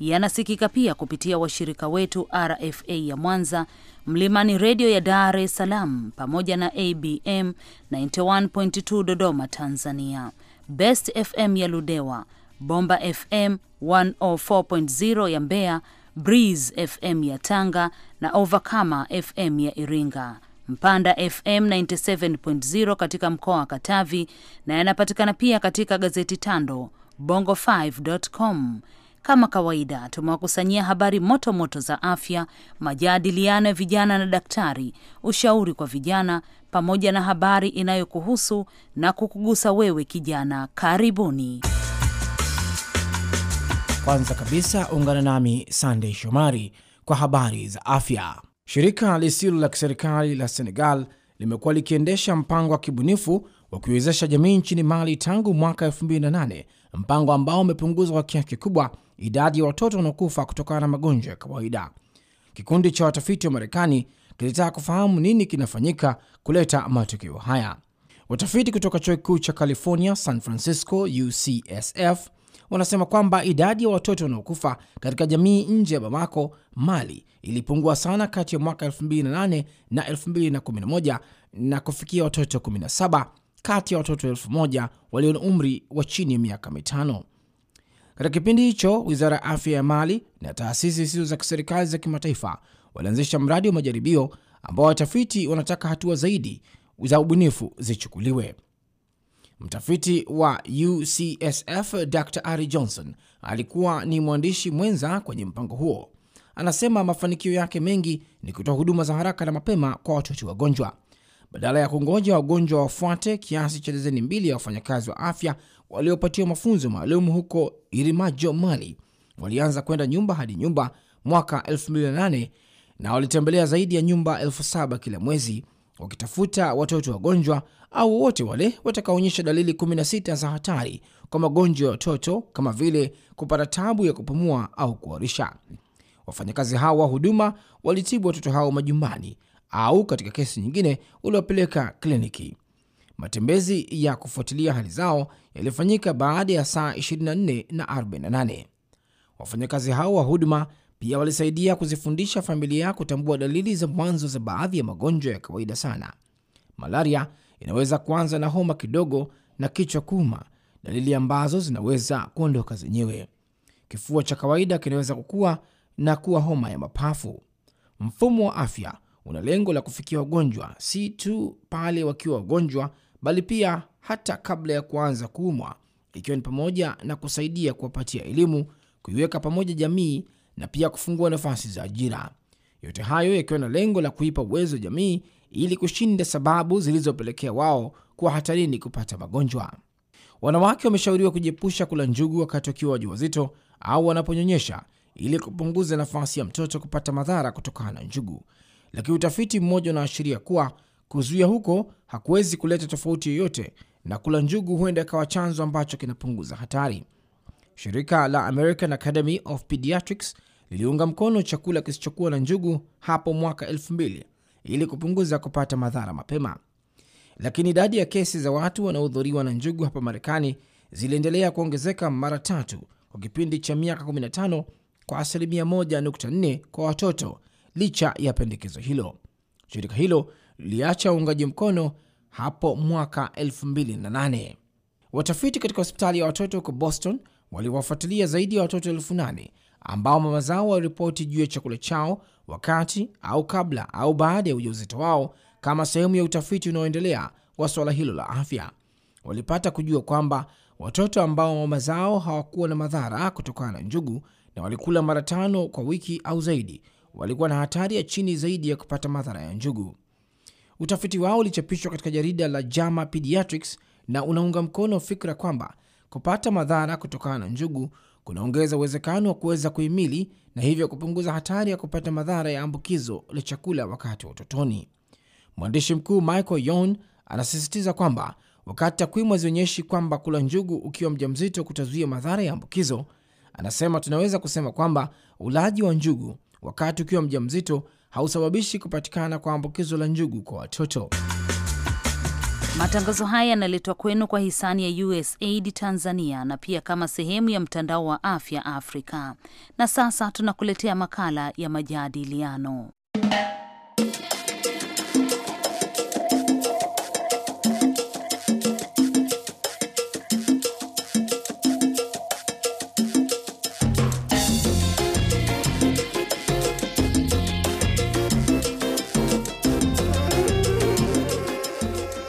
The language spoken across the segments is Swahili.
yanasikika pia kupitia washirika wetu RFA ya Mwanza, Mlimani Redio ya Dar es Salaam, pamoja na ABM 91.2 Dodoma Tanzania, Best FM ya Ludewa, Bomba FM 104.0 ya Mbeya, Breeze FM ya Tanga na Overcomer FM ya Iringa, Mpanda FM 97.0 katika mkoa wa Katavi na yanapatikana pia katika gazeti Tando Bongo5.com. Kama kawaida, tumewakusanyia habari moto moto za afya, majadiliano ya vijana na daktari, ushauri kwa vijana, pamoja na habari inayokuhusu na kukugusa wewe kijana. Karibuni. Kwanza kabisa, ungana nami Sandey Shomari kwa habari za afya. Shirika lisilo la kiserikali la Senegal limekuwa likiendesha mpango wa kibunifu wa kuiwezesha jamii nchini Mali tangu mwaka 2008 mpango ambao umepunguza kwa kiasi kikubwa idadi ya watoto wanaokufa kutokana na magonjwa ya kawaida. Kikundi cha watafiti wa Marekani kilitaka kufahamu nini kinafanyika kuleta matokeo haya. Watafiti kutoka chuo kikuu cha California San Francisco, UCSF, wanasema kwamba idadi ya watoto wanaokufa katika jamii nje ya Bamako, Mali, ilipungua sana kati ya mwaka 28 na 211 na kufikia watoto 17 kati ya watoto elfu moja walio na umri wa chini ya miaka mitano. Katika kipindi hicho, wizara ya afya ya Mali na taasisi zisizo za kiserikali za kimataifa walianzisha mradi wa majaribio ambao watafiti wanataka hatua zaidi za ubunifu zichukuliwe. Mtafiti wa UCSF Dr Ari Johnson alikuwa ni mwandishi mwenza kwenye mpango huo. Anasema mafanikio yake mengi ni kutoa huduma za haraka na mapema kwa watoto wagonjwa badala ya kungoja wagonjwa wafuate kiasi cha dazeni mbili ya wafanyakazi wa afya waliopatiwa mafunzo maalum huko Irimajo, Mali, walianza kwenda nyumba hadi nyumba mwaka 28 na walitembelea zaidi ya nyumba 7 kila mwezi wakitafuta watoto wagonjwa au wote wale watakaonyesha dalili 16 za hatari kwa magonjwa ya watoto kama vile kupata tabu ya kupumua au kuarisha Wafanyakazi hao wa huduma walitibu watoto hao majumbani au katika kesi nyingine uliopeleka kliniki. Matembezi ya kufuatilia hali zao yalifanyika baada ya saa 24 na 48. Wafanyakazi hao wa huduma pia walisaidia kuzifundisha familia kutambua dalili za mwanzo za baadhi ya magonjwa ya kawaida sana. Malaria inaweza kuanza na homa kidogo na kichwa kuuma, dalili ambazo zinaweza kuondoka zenyewe. Kifua cha kawaida kinaweza kukua na kuwa homa ya mapafu. Mfumo wa afya una lengo la kufikia wagonjwa si tu pale wakiwa wagonjwa, bali pia hata kabla ya kuanza kuumwa, ikiwa ni pamoja na kusaidia kuwapatia elimu, kuiweka pamoja jamii na pia kufungua nafasi za ajira. Yote hayo yakiwa na lengo la kuipa uwezo jamii ili kushinda sababu zilizopelekea wao kuwa hatarini kupata magonjwa. Wanawake wameshauriwa kujiepusha kula njugu wakati wakiwa wajawazito au wanaponyonyesha ili kupunguza nafasi ya mtoto kupata madhara kutokana na njugu, lakini utafiti mmoja unaashiria kuwa kuzuia huko hakuwezi kuleta tofauti yoyote, na kula njugu huenda ikawa chanzo ambacho kinapunguza hatari. Shirika la American Academy of Pediatrics liliunga mkono chakula kisichokuwa na njugu hapo mwaka 20 ili kupunguza kupata madhara mapema, lakini idadi ya kesi za watu wanaohudhuriwa na njugu hapa Marekani ziliendelea kuongezeka mara tatu kwa kipindi cha miaka 15 kwa asilimia 1.4 kwa watoto licha ya pendekezo hilo. Shirika hilo liliacha uungaji mkono hapo mwaka 28 Watafiti katika hospitali ya watoto huko Boston waliwafuatilia zaidi ya watoto 8 ambao mama zao waliripoti juu ya chakula chao wakati au kabla au baada ya ujauzito wao kama sehemu ya utafiti unaoendelea wa suala hilo la afya. Walipata kujua kwamba watoto ambao mama zao hawakuwa na madhara kutokana na njugu na walikula mara tano kwa wiki au zaidi walikuwa na hatari ya chini zaidi ya kupata madhara ya njugu. Utafiti wao ulichapishwa katika jarida la JAMA Pediatrics na unaunga mkono fikra kwamba kupata madhara kutokana na njugu kunaongeza uwezekano wa kuweza kuhimili na hivyo kupunguza hatari ya kupata madhara ya ambukizo la chakula wakati wa utotoni. Mwandishi mkuu Michael Yon anasisitiza kwamba wakati takwimu hazionyeshi kwamba kula njugu ukiwa mjamzito kutazuia madhara ya ambukizo, anasema tunaweza kusema kwamba ulaji wa njugu wakati ukiwa mja mzito hausababishi kupatikana kwa ambukizo la njugu kwa watoto. Matangazo haya yanaletwa kwenu kwa hisani ya USAID Tanzania na pia kama sehemu ya mtandao wa afya Afrika. Na sasa tunakuletea makala ya majadiliano.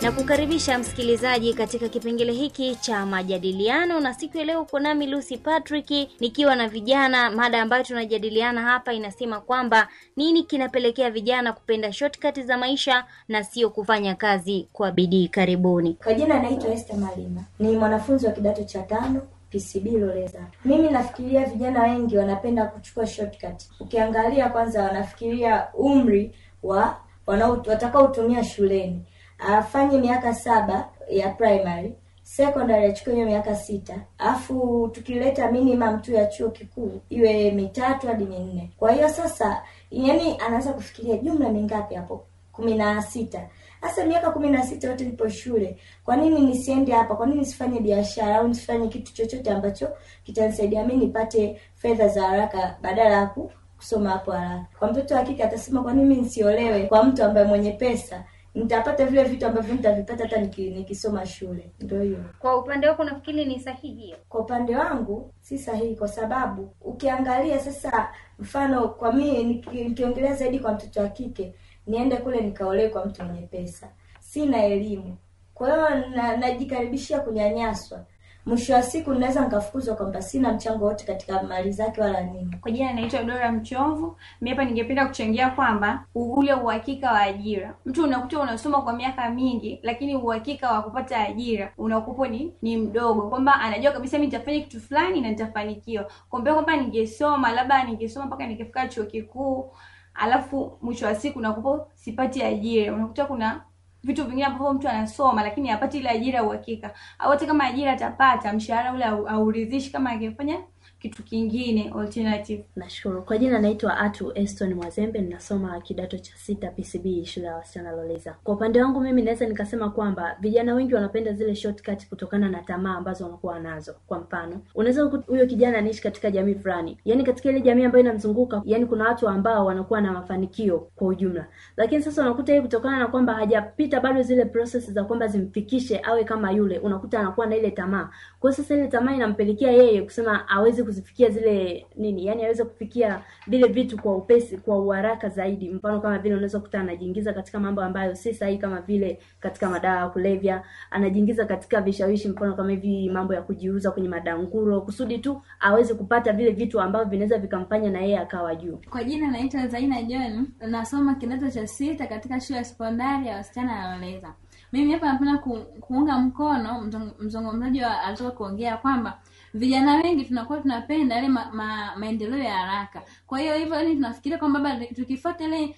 na kukaribisha msikilizaji katika kipengele hiki cha majadiliano, na siku ya leo uko nami Lucy Patrick nikiwa na vijana. Mada ambayo tunajadiliana hapa inasema kwamba nini kinapelekea vijana kupenda shortcut za maisha na sio kufanya kazi kwa bidii. Karibuni. Kwa jina anaitwa Esther Malima, ni mwanafunzi wa kidato cha tano PCB Loleza. Mimi nafikiria vijana wengi wanapenda kuchukua shortcut. Ukiangalia kwanza, wanafikiria umri wa watakao utumia shuleni afanye miaka saba ya primary, secondary achukue hiyo miaka sita, afu tukileta minimum tu ya chuo kikuu iwe mitatu hadi minne. Kwa hiyo sasa, yani anaweza kufikiria jumla mingapi hapo? kumi na sita. hasa miaka kumi na sita yote nipo shule, kwa nini nisiende hapa? Kwa nini nisifanye biashara au nisifanye kitu chochote ambacho kitanisaidia mi nipate fedha za haraka badala ya kusoma hapo haraka? Kwa mtoto wa kike atasema, kwa nini nisiolewe kwa mtu ambaye mwenye pesa? nitapata vile vitu ambavyo nitavipata hata nikisoma shule. Ndio hiyo. Kwa upande wako nafikiri ni sahihi hiyo? Kwa upande wangu si sahihi, kwa sababu ukiangalia sasa, mfano kwa mimi nikiongelea zaidi kwa mtoto wa kike, niende kule nikaolee kwa mtu mwenye pesa, sina elimu, kwa hiyo na, najikaribishia kunyanyaswa mwisho wa siku ninaweza nikafukuzwa kwamba sina mchango wote katika mali zake wala nini. Kwa jina naitwa Dora Mchovu. Mimi hapa ningependa kuchangia kwamba ule uhakika wa ajira, mtu unakuta unasoma kwa miaka mingi, lakini uhakika wa kupata ajira unakupo ni, ni mdogo, kwamba anajua kabisa mimi nitafanya kitu fulani na nitafanikiwa, kumbe kwamba ningesoma labda ningesoma mpaka nikifika chuo kikuu, alafu mwisho wa siku nakupo sipati ajira, unakuta kuna vitu vingine ambavyo mtu anasoma lakini hapati ile ajira uhakika, au hata kama ajira atapata, mshahara ule hauridhishi kama angefanya kitu kingine alternative. Nashukuru. Kwa jina naitwa Atu Eston Mwazembe, ninasoma kidato cha sita PCB shule ya wasichana Loleza. Kwa upande wangu mimi naweza nikasema kwamba vijana wengi wanapenda zile shortcut kutokana na tamaa ambazo wanakuwa nazo. Kwa mfano, unaweza huyo kijana anaishi katika jamii fulani, yani katika ile jamii ambayo inamzunguka, yani kuna watu ambao wanakuwa na mafanikio kwa ujumla, lakini sasa unakuta hii kutokana na kwamba hajapita bado zile process za kwamba zimfikishe awe kama yule, unakuta anakuwa na ile tamaa kwa sasa ile tamaa inampelekea yeye kusema aweze kuzifikia zile nini, yani aweze kufikia vile vitu kwa upesi, kwa uharaka zaidi. Mfano kama vile unaweza kukuta anajiingiza katika mambo ambayo si sahihi, kama vile katika madawa ya kulevya, anajiingiza katika vishawishi, mfano kama hivi mambo ya kujiuza kwenye madanguro, kusudi tu aweze kupata vile vitu ambavyo vinaweza vikamfanya na yeye akawa juu. Kwa jina naitwa Zaina John, nasoma kidato cha sita katika shule ya sekondari ya wasichana ya Oleza mimi hapa napenda ku, kuunga mkono mzungumzaji alitoka kuongea kwamba vijana wengi tunakuwa tunapenda yale ma, ma, maendeleo ya haraka kwa hiyo hivyo ni tunafikiria kwamba baba tukifuata ile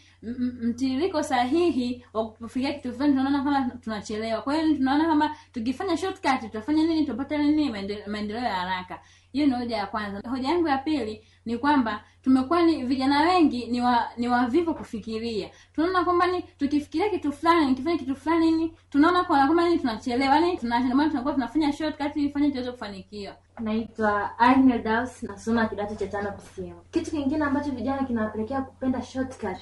mtiririko sahihi wa kufikia kitu fulani tunaona kama tunachelewa kwa hiyo tunaona kama tukifanya shortcut tutafanya nini tupate nini maendeleo ya haraka hiyo ni hoja ya kwanza. Hoja yangu ya pili ni kwamba tumekuwa ni vijana wengi ni wa, ni wavivu kufikiria. Tunaona kwamba ni tukifikiria kitu fulani, nikifanya kitu fulani ni tunaona kwa kwamba ni tunachelewa, yani tunachelewa, tunakuwa tunafanya shortcut ili fanye tuweze kufanikiwa. Naitwa Arnel Daus, nasoma kidato cha tano PCM. Kitu kingine ambacho vijana kinawapelekea kupenda shortcut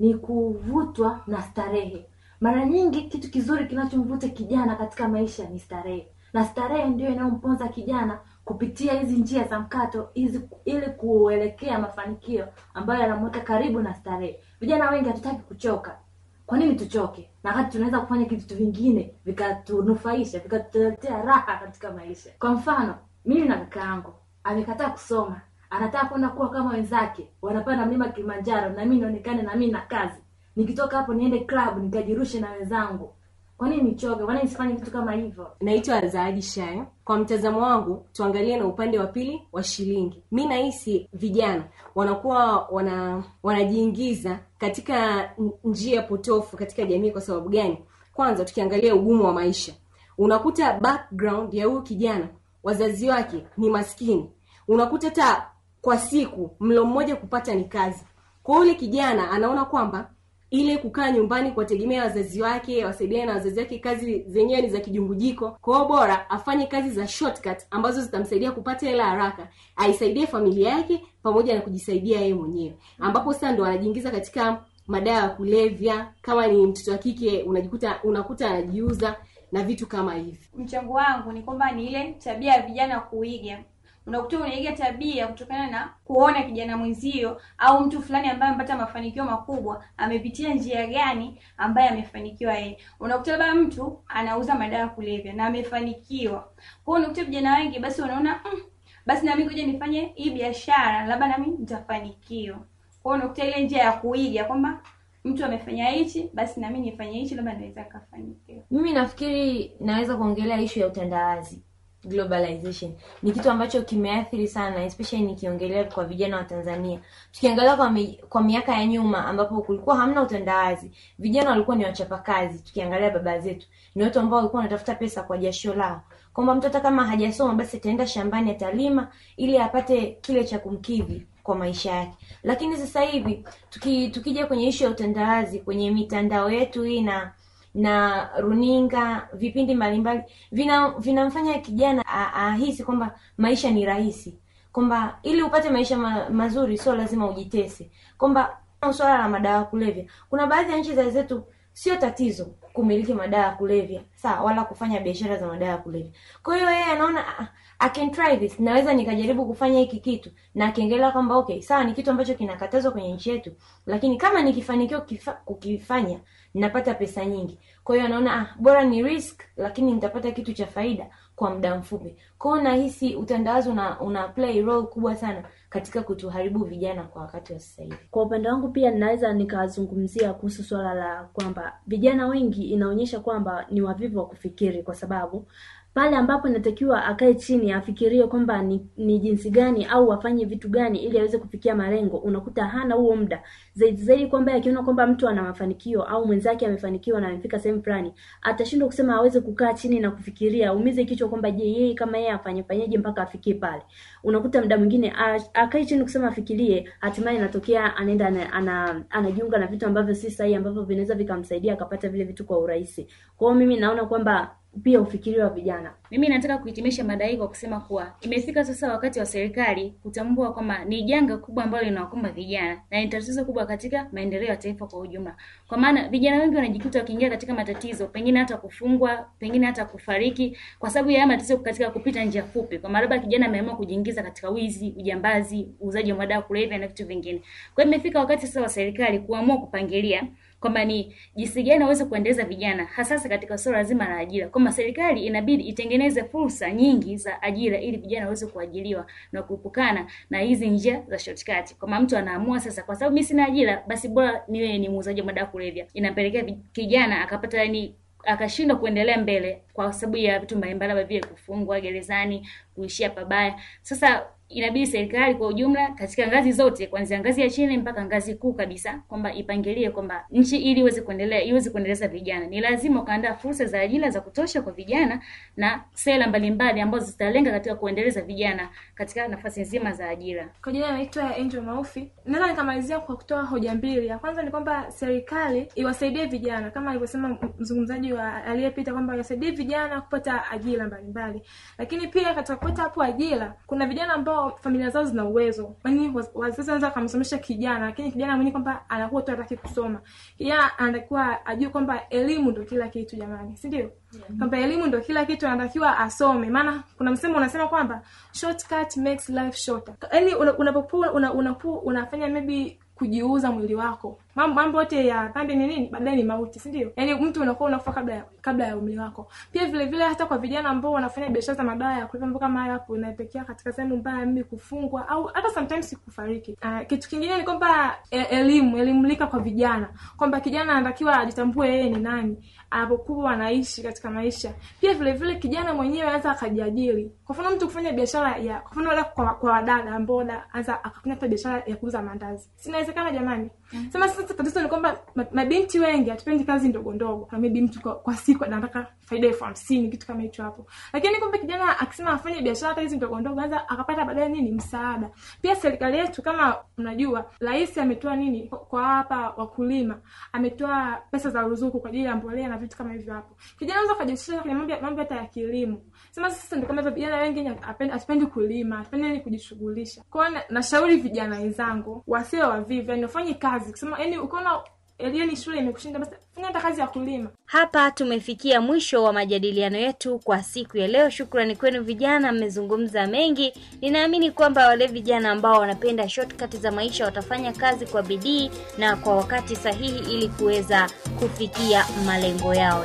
ni kuvutwa na starehe. Mara nyingi kitu kizuri kinachomvuta kijana katika maisha ni starehe, na starehe ndio inayomponza kijana kupitia hizi njia za mkato hizi ili kuelekea mafanikio ambayo yanamuweka karibu na starehe. Vijana wengi hatutaki kuchoka. Kwa nini tuchoke? Na wakati tunaweza kufanya vitu vingine vikatunufaisha, vikatuletea raha katika maisha. Kwa mfano, mimi na kaka yangu amekataa kusoma, anataka kwenda kuwa kama wenzake, wanapanda mlima Kilimanjaro na mimi nionekane na mimi na kazi. Nikitoka hapo niende club nikajirushe na wenzangu kwa nini nichoge kwani nisifanye kitu kama hivyo naitwa zaadi shaya kwa mtazamo wangu tuangalie na upande wa pili wa shilingi mi nahisi vijana wanakuwa wana wanajiingiza katika njia potofu katika jamii kwa sababu gani kwanza tukiangalia ugumu wa maisha unakuta background ya huyu kijana wazazi wake ni maskini unakuta hata kwa siku mlo mmoja kupata ni kazi kwa yule kijana anaona kwamba ile kukaa nyumbani kuwategemea wazazi wake, wasaidiane na wazazi wake, kazi zenyewe ni za kijungujiko. kwao bora afanye kazi za shortcut ambazo zitamsaidia kupata hela haraka, aisaidie familia yake pamoja na kujisaidia yeye mwenyewe, ambapo sasa ndo anajiingiza katika madawa ya kulevya. Kama ni mtoto wa kike, unajikuta unakuta anajiuza na vitu kama hivi. Mchango wangu ni kwamba ni ile tabia ya vijana kuiga unakuta unaiga tabia kutokana na kuona kijana mwenzio au mtu fulani ambaye amepata mafanikio makubwa amepitia njia gani ambaye amefanikiwa yeye. Unakuta labda mtu anauza madawa ya kulevya na amefanikiwa. Kwa hiyo unakuta vijana wengi basi wanaona mm, basi nami kuja nifanye hii biashara, labda nami nitafanikiwa. Kwa hiyo unakuta ile njia ya kuiga kwamba mtu amefanya hichi basi nami nifanye hichi, labda naweza kafanikiwa. Mimi nafikiri naweza kuongelea ishu ya utandawazi globalization ni kitu ambacho kimeathiri sana especially nikiongelea kwa vijana wa Tanzania. Tukiangalia kwa, mi, kwa miaka ya nyuma ambapo kulikuwa hamna utandawazi, vijana walikuwa ni wachapakazi. Tukiangalia baba zetu ni watu ambao walikuwa wanatafuta pesa kwa jasho lao, kwamba mtu hata kama hajasoma basi ataenda shambani atalima ili apate kile cha kumkidhi kwa maisha yake. Lakini sasa hivi tuki, tukija kwenye ishu ya utandawazi kwenye mitandao yetu hii na na runinga, vipindi mbalimbali vina vinamfanya kijana ahisi kwamba maisha ni rahisi, kwamba ili upate maisha ma, mazuri sio lazima ujitese, kwamba swala la madawa ya kulevya, kuna baadhi ya nchi za zetu sio tatizo kumiliki madawa ya kulevya saa wala kufanya biashara za madawa ya kulevya. Kwa hiyo yeye anaona ah, I can try this, naweza nikajaribu kufanya hiki kitu, na akiengelea kwamba okay, sawa, ni kitu ambacho kinakatazwa kwenye nchi yetu, lakini kama nikifanikiwa kukifanya napata pesa nyingi. Kwa hiyo anaona ah, bora ni risk lakini nitapata kitu cha faida kwa muda mfupi. Kwa hiyo nahisi utandawazi una, una play role kubwa sana katika kutuharibu vijana kwa wakati wa sasa hivi. Kwa upande wangu pia ninaweza nikazungumzia kuhusu swala la kwamba vijana wengi inaonyesha kwamba ni wavivu wa kufikiri, kwa sababu pale ambapo inatakiwa akae chini afikirie kwamba ni, ni jinsi gani au afanye vitu gani ili aweze kufikia malengo, unakuta hana huo muda zaidi zaidi, kwamba akiona kwamba mtu ana mafanikio au mwenzake amefanikiwa na amefika sehemu fulani, atashindwa kusema aweze kukaa chini na kufikiria, umize kichwa kwamba je, yeye kama yeye afanye fanyeje mpaka afikie pale. Unakuta muda mwingine akae chini kusema afikirie, hatimaye inatokea anaenda ana, anajiunga na vitu ambavyo si sahihi, ambavyo vinaweza vikamsaidia akapata vile vitu kwa urahisi. Kwa mimi naona kwamba pia ufikiri wa vijana. Mimi nataka kuhitimisha mada hii kwa kusema kuwa imefika sasa wakati wa serikali kutambua kwamba ni janga kubwa ambalo linawakumba vijana na ni tatizo kubwa katika maendeleo ya taifa kwa ujumla, kwa maana vijana wengi wanajikuta wakiingia katika matatizo, pengine hata kufungwa, pengine hata kufariki kwa sababu ya matatizo katika kupita njia fupi, kwa maana kijana ameamua kujiingiza katika wizi, ujambazi, uuzaji wa madawa kulevya na vitu vingine. Kwa hiyo imefika wakati sasa wa serikali kuamua kupangilia kwamba ni jinsi gani naweza kuendeleza vijana hasasa katika suala zima la ajira, kwamba serikali inabidi itengeneze fursa nyingi za ajira ili vijana waweze kuajiriwa na kuepukana na hizi njia za shortcut, kwamba mtu anaamua sasa, kwa sababu mimi sina ajira, basi bora niwe ni muuzaji wa madawa kulevya. Inampelekea kijana akapata yani akashindwa kuendelea mbele kwa sababu ya vitu mbalimbali kama vile kufungwa gerezani, kuishia pabaya. Sasa inabidi serikali kwa ujumla katika ngazi zote kuanzia ngazi ya chini mpaka ngazi kuu kabisa, kwamba ipangilie kwamba nchi ili iweze kuendelea iweze kuendeleza vijana ni lazima ukaandaa fursa za ajira za kutosha kwa vijana na sera mbalimbali ambazo zitalenga katika kuendeleza vijana katika nafasi nzima za ajira. Kwa jina naitwa Angel Maufi, naweza nikamalizia kwa kutoa hoja mbili. Ya kwanza ni kwamba serikali iwasaidie vijana kama alivyosema mzungumzaji wa aliyepita kwamba iwasaidie vijana kupata ajira mbalimbali, lakini pia katika kupata hapo ajira kuna vijana ambao familia zao zina uwezo, kwani wazazi wanaweza kumsomesha kijana, lakini kijana mwenyewe kwamba anakuwa tu hataki kusoma. Kijana anatakiwa ajue kwamba elimu ndio kila kitu jamani, si ndio? Yeah. Kwamba elimu ndio kila kitu, anatakiwa asome, maana kuna msemo unasema kwamba shortcut makes life shorter, yaani unapokuwa una, una, una, unafanya maybe kujiuza mwili wako. Mambo yote ya dhambi ni nini? Baadaye ni mauti, si ndio? Yaani mtu unakuwa unakufa kabla ya kabla ya umri wako. Pia vile vile hata kwa vijana ambao wanafanya biashara za madawa ya kulevya, kama haya hapo inaipekea katika sehemu mbaya, mimi kufungwa au hata sometimes kufariki. Uh, ah, kitu kingine ni kwamba e-, elimu, elimulika kwa vijana, kwamba kijana anatakiwa ajitambue yeye ni nani anapokuwa anaishi katika maisha. Pia vile vile kijana mwenyewe anaweza akajiajiri. Kwa mfano mtu kufanya biashara ya kwa mfano kwa, kwa dada amboda anza akafanya biashara ya kuuza mandazi. Sinawezekana jamani? Sema sasa tatizo ni kwamba mabinti wengi hatupendi kazi ndogo ndogo. Maybe mtu kwa, kwa siku anataka faida elfu hamsini kitu kama hicho hapo. Lakini kumbe kijana akisema afanye biashara hata hizi ndogo ndogo anza akapata baadaye nini msaada. Pia serikali yetu kama mnajua rais ametoa nini kwa hapa wakulima. Ametoa pesa za ruzuku kwa ajili ya mbolea na vitu kama hivyo hapo. Kijana anaweza kujihusisha kwenye mambo mambo hata ya kilimo sema sasa ndio kama vijana wengi hapendi kulima, ni kujishughulisha. Kwa hiyo nashauri vijana wenzangu wasiwe wavivu, yani wafanye kazi kusema, yani ukiona elieni shule imekushinda basi fanya hata kazi ya kulima. Hapa tumefikia mwisho wa majadiliano yetu kwa siku ya leo. Shukrani kwenu vijana, mmezungumza mengi. Ninaamini kwamba wale vijana ambao wanapenda shortcut za maisha watafanya kazi kwa bidii na kwa wakati sahihi ili kuweza kufikia malengo yao.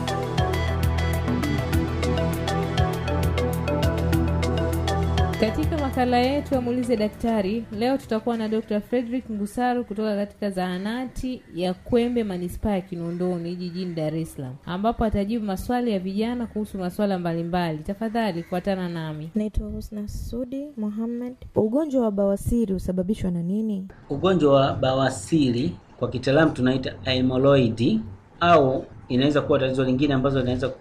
Katika makala yetu amuulize daktari leo tutakuwa na Dr. Frederick Ngusaru kutoka katika zahanati ya Kwembe manispaa ya Kinondoni jijini Dar es Salaam, ambapo atajibu maswali ya vijana kuhusu maswala mbalimbali. Tafadhali kuatana nami, naitwa Husna Sudi Mohammed. Ugonjwa wa bawasiri husababishwa na nini? Ugonjwa wa bawasiri kwa kitaalamu tunaita amyloid au inaweza kuwa tatizo lingine ambazo linaweza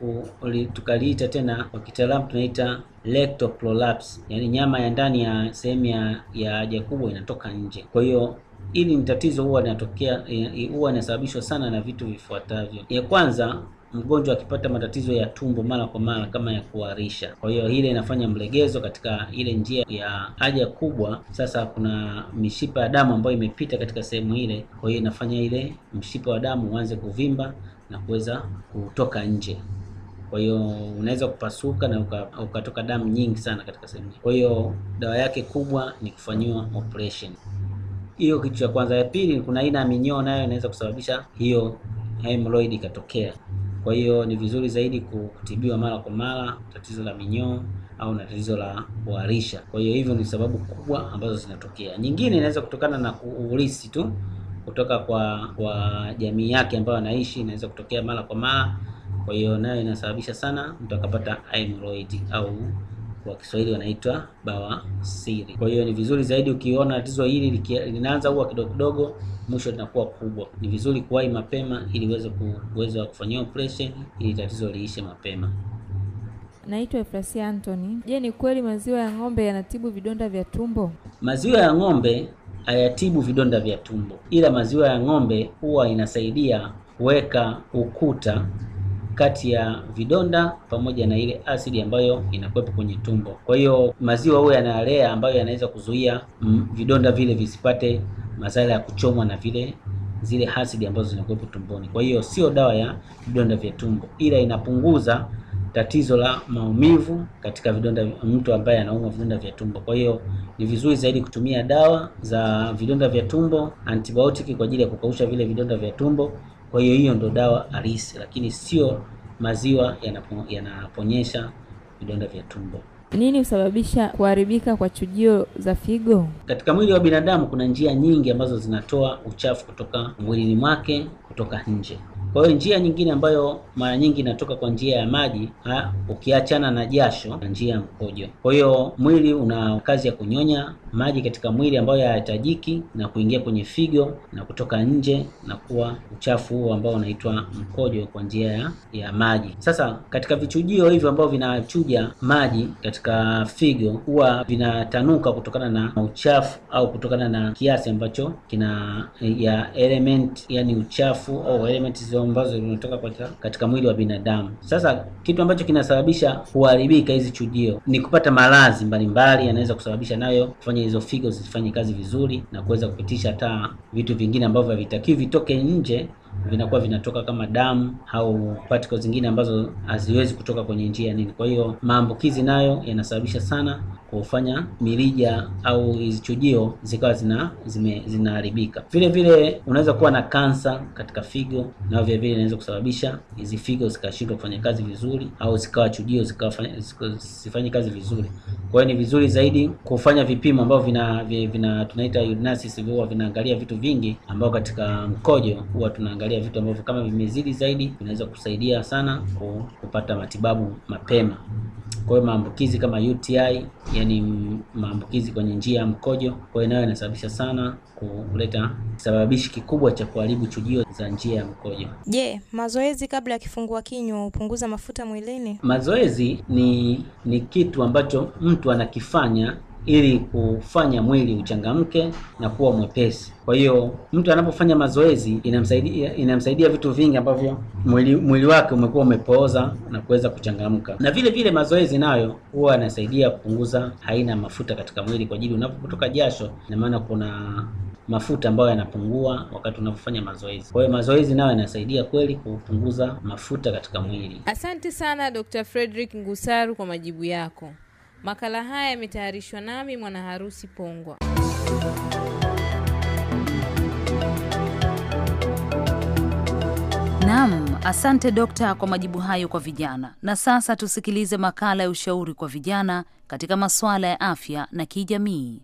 tukaliita tena kwa kitaalamu tunaita rectal prolapse, yani nyama ya ndani ya sehemu ya ya haja kubwa inatoka nje. Kwa hiyo hili ni tatizo huwa linatokea, e, e, huwa inasababishwa sana na vitu vifuatavyo. Ya kwanza mgonjwa akipata matatizo ya tumbo mara kwa mara kama ya kuharisha, kwa hiyo ile inafanya mlegezo katika ile njia ya haja kubwa. Sasa kuna mishipa ya damu ambayo imepita katika sehemu ile, kwa hiyo inafanya ile mshipa wa damu uanze kuvimba na kuweza kutoka nje. Kwa hiyo unaweza kupasuka na ukatoka damu nyingi sana katika sehemu. Kwa hiyo dawa yake kubwa ni kufanyiwa operation. Hiyo kitu cha kwanza. Ya pili, kuna aina ya minyoo nayo inaweza kusababisha hiyo hemorrhoid ikatokea. Kwa hiyo ni vizuri zaidi kutibiwa mara kwa mara tatizo la minyoo au na tatizo la kuharisha. Kwa hiyo hivyo ni sababu kubwa ambazo zinatokea. Nyingine inaweza kutokana na kuulisi tu kutoka kwa, kwa jamii yake ambayo anaishi inaweza kutokea mara kwa mara. Kwa hiyo nayo inasababisha sana mtu akapata hemorrhoid au kwa Kiswahili wanaitwa bawa siri. Kwa hiyo ni vizuri zaidi ukiona tatizo hili linaanza huwa kidogo kidogo, mwisho linakuwa kubwa, ni vizuri kuwahi mapema ili uweze kuweza kufanyia operation ili tatizo liishe mapema. Naitwa Efrasia Anthony. Je, ni kweli maziwa ya ng'ombe yanatibu vidonda vya tumbo? Maziwa ya ng'ombe hayatibu vidonda vya tumbo, ila maziwa ya ng'ombe huwa inasaidia kuweka ukuta kati ya vidonda pamoja na ile asidi ambayo inakuwepo kwenye tumbo. Kwa hiyo maziwa huwa yanalea ambayo yanaweza kuzuia mm, vidonda vile visipate madhara ya kuchomwa na vile zile asidi ambazo zinakuwepo tumboni. Kwa hiyo sio dawa ya vidonda vya tumbo, ila inapunguza tatizo la maumivu katika vidonda, mtu ambaye anaumwa vidonda vya tumbo. Kwa hiyo ni vizuri zaidi kutumia dawa za vidonda vya tumbo, antibiotic kwa ajili ya kukausha vile vidonda vya tumbo. Kwa hiyo hiyo ndo dawa halisi, lakini sio maziwa yanaponyesha vidonda vya tumbo. Nini husababisha kuharibika kwa chujio za figo? Katika mwili wa binadamu kuna njia nyingi ambazo zinatoa uchafu kutoka mwilini mwake kutoka nje. Kwa hiyo njia nyingine ambayo mara nyingi inatoka kwa njia ya maji ha, ukiachana na jasho na njia ya mkojo. Kwa hiyo mwili una kazi ya kunyonya maji katika mwili ambayo hayahitajiki na kuingia kwenye figo na kutoka nje na kuwa uchafu huo ambao unaitwa mkojo kwa njia ya, ya maji. Sasa katika vichujio hivyo ambao vinachuja maji katika figo huwa vinatanuka kutokana na uchafu au kutokana na kiasi ambacho kina ya element yani uchafu au elements ambazo ambazo zinatoka katika mwili wa binadamu. Sasa kitu ambacho kinasababisha kuharibika hizi chujio ni kupata maradhi mbalimbali, yanaweza kusababisha nayo kufanya hizo figo zisifanye kazi vizuri na kuweza kupitisha hata vitu vingine ambavyo havitakiwi vitoke nje vinakuwa vinatoka kama damu au particles zingine ambazo haziwezi kutoka kwenye njia nini. Kwa hiyo maambukizi nayo yanasababisha sana kufanya mirija au hizi chujio zikawa zina zime, zinaharibika. Vile vile unaweza kuwa na kansa katika figo, na vile vile inaweza kusababisha hizi figo zikashindwa kufanya kazi vizuri, au zikawa chujio zisifanye kazi vizuri. Kwa hiyo ni vizuri zaidi kufanya vipimo ambavyo vina, vina, vina tunaita urinalysis, huwa vinaangalia vitu vingi ambao katika mkojo huwa tuna unaangalia vitu ambavyo kama vimezidi zaidi vinaweza kusaidia sana kupata matibabu mapema. Kwa hiyo maambukizi kama UTI, yani maambukizi kwenye njia ya mkojo, kwa hiyo nayo inasababisha sana kuleta sababishi kikubwa cha kuharibu chujio za njia ya mkojo. Je, yeah, mazoezi kabla ya kifungua kinywa hupunguza mafuta mwilini? Mazoezi ni ni kitu ambacho mtu anakifanya ili kufanya mwili uchangamke na kuwa mwepesi. Kwa hiyo mtu anapofanya mazoezi inamsaidia, inamsaidia vitu vingi ambavyo mwili, mwili wake umekuwa umepooza na kuweza kuchangamka. Na vile vile mazoezi nayo huwa yanasaidia kupunguza haina mafuta katika mwili, kwa ajili unapotoka jasho, ina maana kuna mafuta ambayo yanapungua wakati unapofanya mazoezi. Kwa hiyo mazoezi nayo yanasaidia kweli kupunguza mafuta katika mwili. Asante sana Dr. Frederick Ngusaru kwa majibu yako. Makala haya yametayarishwa nami mwana harusi Pongwa. Naam, asante dokta kwa majibu hayo kwa vijana. Na sasa tusikilize makala ya ushauri kwa vijana katika masuala ya afya na kijamii.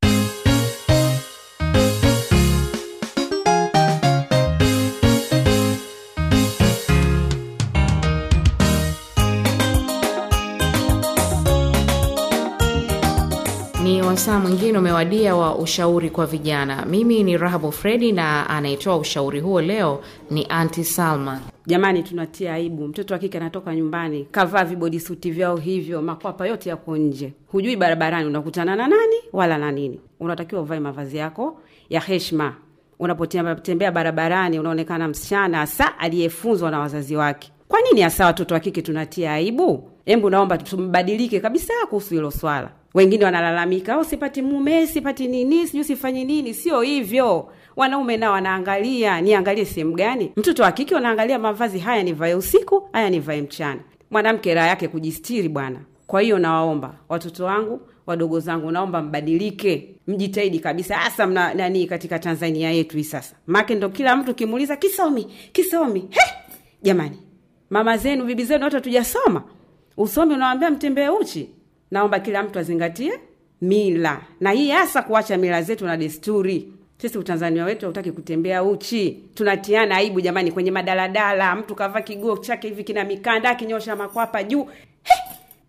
wasaa mwingine umewadia wa ushauri kwa vijana. Mimi ni Rahabu Fredi na anayetoa ushauri huo leo ni Anti Salma. Jamani, tunatia aibu. Mtoto wa kike anatoka nyumbani kavaa vibodisuti vyao hivyo, makwapa yote yako nje, hujui barabarani unakutana na nani wala na nini. Unatakiwa uvae mavazi yako ya heshma Unapotembea barabarani unaonekana msichana hasa aliyefunzwa na wazazi wake. Kwa nini hasa watoto wa kike tunatia aibu? embu naomba tumbadilike kabisa kuhusu hilo swala. Wengine wanalalamika, oh, sipati mume, sipati nini, sijui sifanyi nini. Sio hivyo, wanaume nao wanaangalia, niangalie sehemu gani. Mtoto wa kike unaangalia mavazi, haya nivae usiku, haya nivae mchana. Mwanamke raha yake kujistiri bwana. Kwa hiyo nawaomba watoto wangu wadogo zangu, naomba mbadilike, mjitahidi kabisa, hasa mna nani katika Tanzania yetu hii sasa, make ndo kila mtu kimuuliza kisomi, kisomi. He, jamani, mama zenu bibi zenu wote hatujasoma. Usomi unawambia mtembee uchi naomba kila mtu azingatie mila na hii hasa kuacha mila zetu na desturi sisi utanzania wetu hautaki kutembea uchi tunatiana aibu jamani kwenye madaladala mtu kavaa kiguo chake hivi kina mikanda akinyosha makwapa juu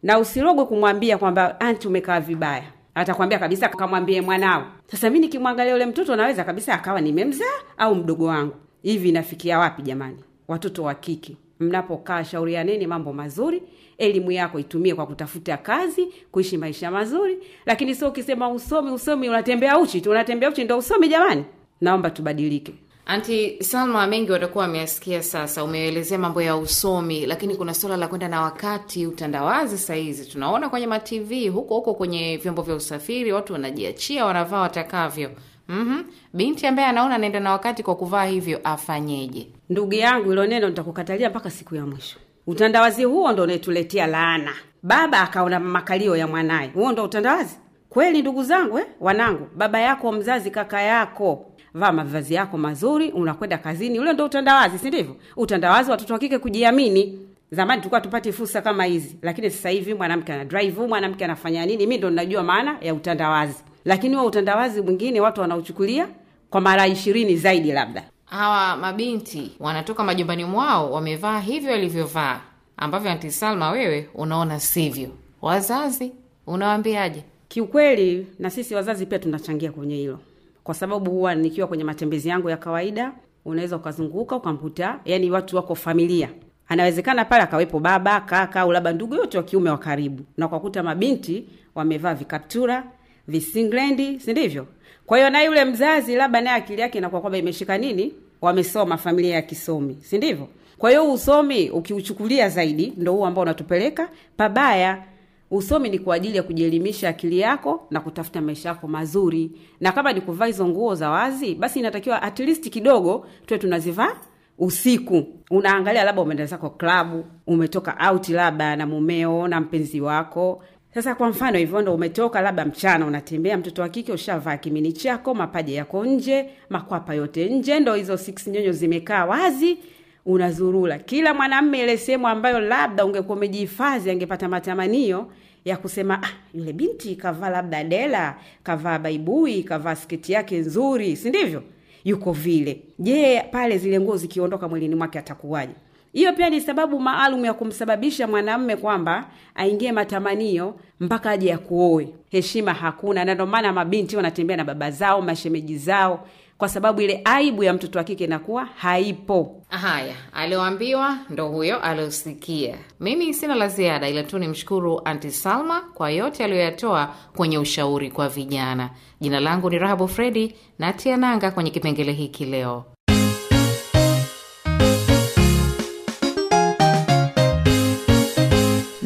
na usirogwe kumwambia kwamba anti umekaa vibaya atakwambia kabisa kamwambie mwanao sasa mi nikimwangalia ule mtoto naweza kabisa akawa nimemzaa au mdogo wangu hivi inafikia wapi jamani watoto wa kike mnapokaa shaurianeni mambo mazuri. Elimu yako itumie kwa kutafuta kazi, kuishi maisha mazuri, lakini sio ukisema usomi usomi, unatembea uchi tu, unatembea uchi ndo usomi. Jamani, naomba tubadilike. Anti Salma, mengi watakuwa wameasikia Sasa umeelezea mambo ya usomi, lakini kuna suala la kwenda na wakati, utandawazi. Sahizi tunaona kwenye matv huko huko, kwenye vyombo vya usafiri, watu wanajiachia, wanavaa watakavyo. Mm -hmm. Binti ambaye anaona anaenda na wakati kwa kuvaa hivyo afanyeje? Ndugu yangu, hilo neno nitakukatalia mpaka siku ya mwisho. Utandawazi huo ndo unaetuletea laana. Baba akaona makalio ya mwanaye, huo ndo utandawazi kweli? Ndugu zangu eh, wanangu, baba yako mzazi, kaka yako, vaa mavazi yako mazuri, unakwenda kazini, ule ndo utandawazi, si ndivyo? Utandawazi watoto wa kike kujiamini. Zamani tulikuwa tupate fursa kama hizi, lakini sasa hivi mwanamke ana drive, mwanamke anafanya nini, mi ndo ninajua maana ya utandawazi lakini huwa utandawazi mwingine watu wanauchukulia kwa mara ishirini zaidi. Labda hawa mabinti wanatoka majumbani mwao wamevaa hivyo walivyovaa, ambavyo Anti Salma wewe unaona sivyo. Wazazi unawambiaje Kiukweli na sisi wazazi pia tunachangia kwenye hilo, kwa sababu huwa nikiwa kwenye matembezi yangu ya kawaida, unaweza ukazunguka ukamkuta, yani watu wako familia anawezekana pale akawepo baba, kaka au labda ndugu yote wa kiume wa karibu, na kwakuta mabinti wamevaa vikaptura visinglendi, sindivyo Kwa hiyo na yule mzazi labda naye akili yake inakuwa kwamba imeshika nini, wamesoma familia ya kisomi, sindivyo Kwa hiyo usomi ukiuchukulia zaidi, ndo huu ambao unatupeleka pabaya. Usomi ni kwa ajili ya kujielimisha akili yako na kutafuta maisha yako mazuri, na kama ni kuvaa hizo nguo za wazi, basi inatakiwa at least kidogo tuwe tunazivaa usiku. Unaangalia labda umeenda zako klabu, umetoka out labda na mumeo na mpenzi wako, sasa kwa mfano hivyo, ndo umetoka labda mchana, unatembea, mtoto wa kike ushavaa kimini chako, mapaja yako nje, makwapa yote nje, ndo hizo six nyonyo zimekaa wazi, unazurula. Kila mwanamme ile sehemu ambayo labda ungekuwa umejihifadhi, angepata matamanio ya kusema ah, yule binti kavaa labda dela, kavaa baibui, kavaa sketi yake nzuri, si ndivyo? Yuko vile. Je, pale zile nguo zikiondoka mwilini mwake atakuwaje? Hiyo pia ni sababu maalum ya kumsababisha mwanamme kwamba aingie matamanio mpaka aje ya kuoe. Heshima hakuna, na ndomaana maana mabinti wanatembea na baba zao, mashemeji zao, kwa sababu ile aibu ya mtoto wa kike inakuwa haipo. Haya, alioambiwa ndo huyo aliosikia. Mimi sina la ziada, ila tu nimshukuru Anti Salma kwa yote aliyoyatoa kwenye ushauri kwa vijana. Jina langu ni Rahabu Fredi na tia nanga kwenye kipengele hiki leo.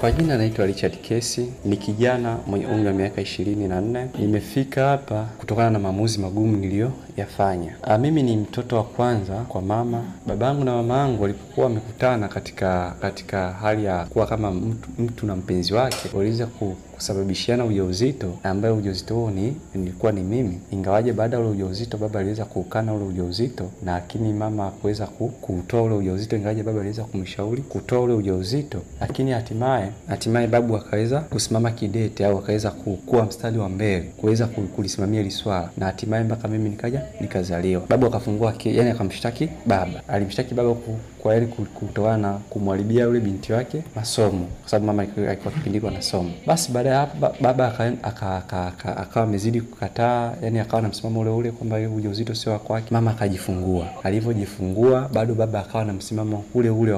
Kwa jina naitwa Richard Kesi, ni kijana mwenye umri wa miaka ishirini na nne. Nimefika hapa kutokana na maamuzi magumu niliyoyafanya. Ah, mimi ni mtoto wa kwanza kwa mama. Babangu na mamaangu walipokuwa wamekutana katika katika hali ya kuwa kama mtu, mtu na mpenzi wake waliweza kusababishiana ujauzito ambayo ujauzito huo ni nilikuwa ni mimi, ingawaje baada ya ule ujauzito baba aliweza kuukana ule ujauzito, lakini mama hakuweza kutoa ule ujauzito, ingawaje baba aliweza kumshauri kutoa ule ujauzito, lakini hatimaye hatimaye babu akaweza kusimama kidete au akaweza kukua mstari wa mbele kuweza kulisimamia hili swala, na hatimaye mpaka mimi nikaja nikazaliwa. Babu akafungua, yani akamshtaki baba, alimshtaki baba ku kwa heri kutoana na yule binti wake masomo, kwa sababu mama alikuwa kipindi kwa nasomo. Basi baada ya akaa baba akawa amezidi kukataa, yani akawa na msimamo ule ule kwamba ujauzito sio wako wake. Mama akajifungua, alivyojifungua bado baba akawa na msimamo ule ule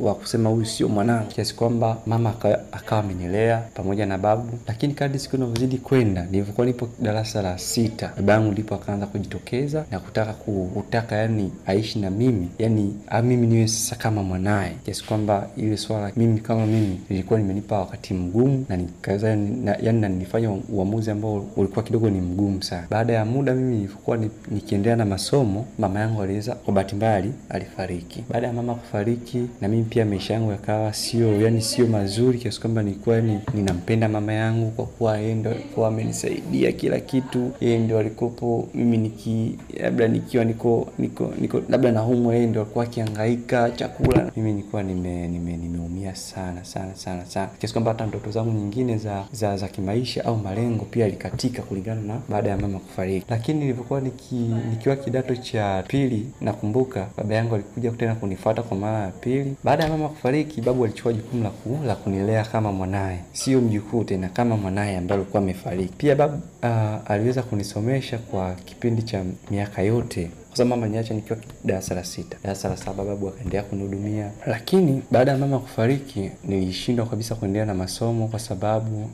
wa kusema huyu sio mwanangu, kiasi kwamba mama akawa amenilea pamoja na babu. Lakini kadri siku inavyozidi kwenda, nilivyokuwa nipo darasa la sita, babangu ndipo akaanza kujitokeza na kutaka kutaka, yani aishi na mimi, yani ah, mimi niwe sasa kama mwanaye, kiasi kwamba ile swala mimi kama mimi ilikuwa nimenipa wakati mgumu na nikaweza yani na nilifanya uamuzi ambao ulikuwa kidogo ni mgumu sana. Baada ya muda mimi nilikuwa nikiendelea na masomo, mama yangu aliweza, kwa bahati mbaya alifariki. Baada ya mama kufariki, na mimi pia maisha yangu yakawa sio yani sio mazuri, kiasi kwamba nilikuwa yani ninampenda mama yangu kwa kuwa yeye ndo alikuwa amenisaidia kila kitu, yeye ndo alikopo mimi niki labda nikiwa niko niko niko labda naumwa, yeye ndo alikuwa akihangaika kupika chakula. Mimi nilikuwa nime, nime, nimeumia sana sana sana sana kiasi kwamba hata ndoto zangu nyingine za, za za kimaisha au malengo pia likatika kulingana na baada ya mama kufariki. Lakini nilipokuwa niki, nikiwa kidato cha pili, nakumbuka baba yangu alikuja tena kunifuata kwa mara ya pili baada ya mama kufariki. Babu alichukua jukumu la kunilea kama mwanaye, sio mjukuu tena, kama mwanaye ambaye alikuwa amefariki. Pia babu uh, aliweza kunisomesha kwa kipindi cha miaka yote kwa sababu mama niacha nikiwa darasa la sita. Darasa la saba babu akaendelea kunihudumia, lakini baada ya mama kufariki nilishindwa kabisa kuendelea na masomo kwa sababu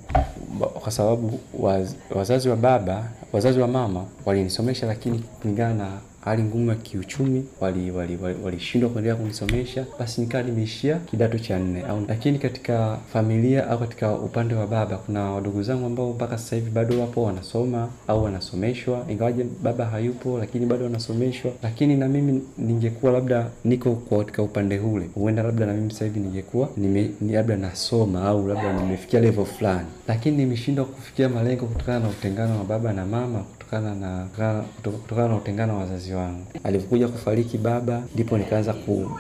kwa sababu waz, wazazi wa baba wazazi wa mama walinisomesha, lakini kulingana na hali ngumu ya kiuchumi, walishindwa wali, wali, wali kuendelea kunisomesha, basi nikawa nimeishia kidato cha nne. Au lakini katika familia au katika upande wa baba kuna wadogo zangu ambao mpaka sasa hivi bado wapo wanasoma au wanasomeshwa, ingawaje baba hayupo, lakini bado wanasomeshwa. Lakini na mimi ningekuwa labda niko katika upande hule, huenda labda na mimi sasa hivi ningekuwa nime, labda nasoma au labda nimefikia level fulani, lakini nimeshindwa kufikia malengo kutokana na utengano wa baba na mama kutokana na kutokana na utengano wa wazazi wangu. Alipokuja kufariki baba, ndipo nikaanza ku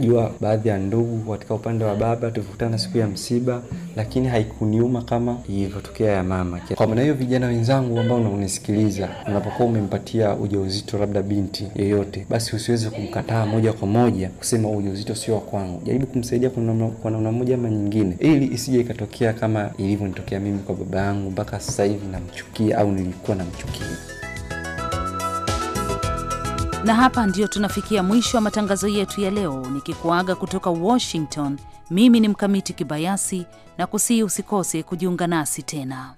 jua baadhi ya ndugu katika upande wa baba tulikutana siku ya msiba, lakini haikuniuma kama ilivyotokea ya mama. Kwa maana hiyo, vijana wenzangu ambao unanisikiliza, unapokuwa umempatia ujauzito labda binti yeyote, basi usiweze kumkataa moja kwa moja kusema ujauzito sio wa kwangu. Jaribu kumsaidia kwa namna moja ama nyingine, ili isije ikatokea kama ilivyonitokea mimi kwa baba yangu. Mpaka sasa hivi namchukia au nilikuwa namchukia. Na hapa ndiyo tunafikia mwisho wa matangazo yetu ya leo, nikikuaga kutoka Washington. Mimi ni Mkamiti Kibayasi na kusihi usikose kujiunga nasi tena.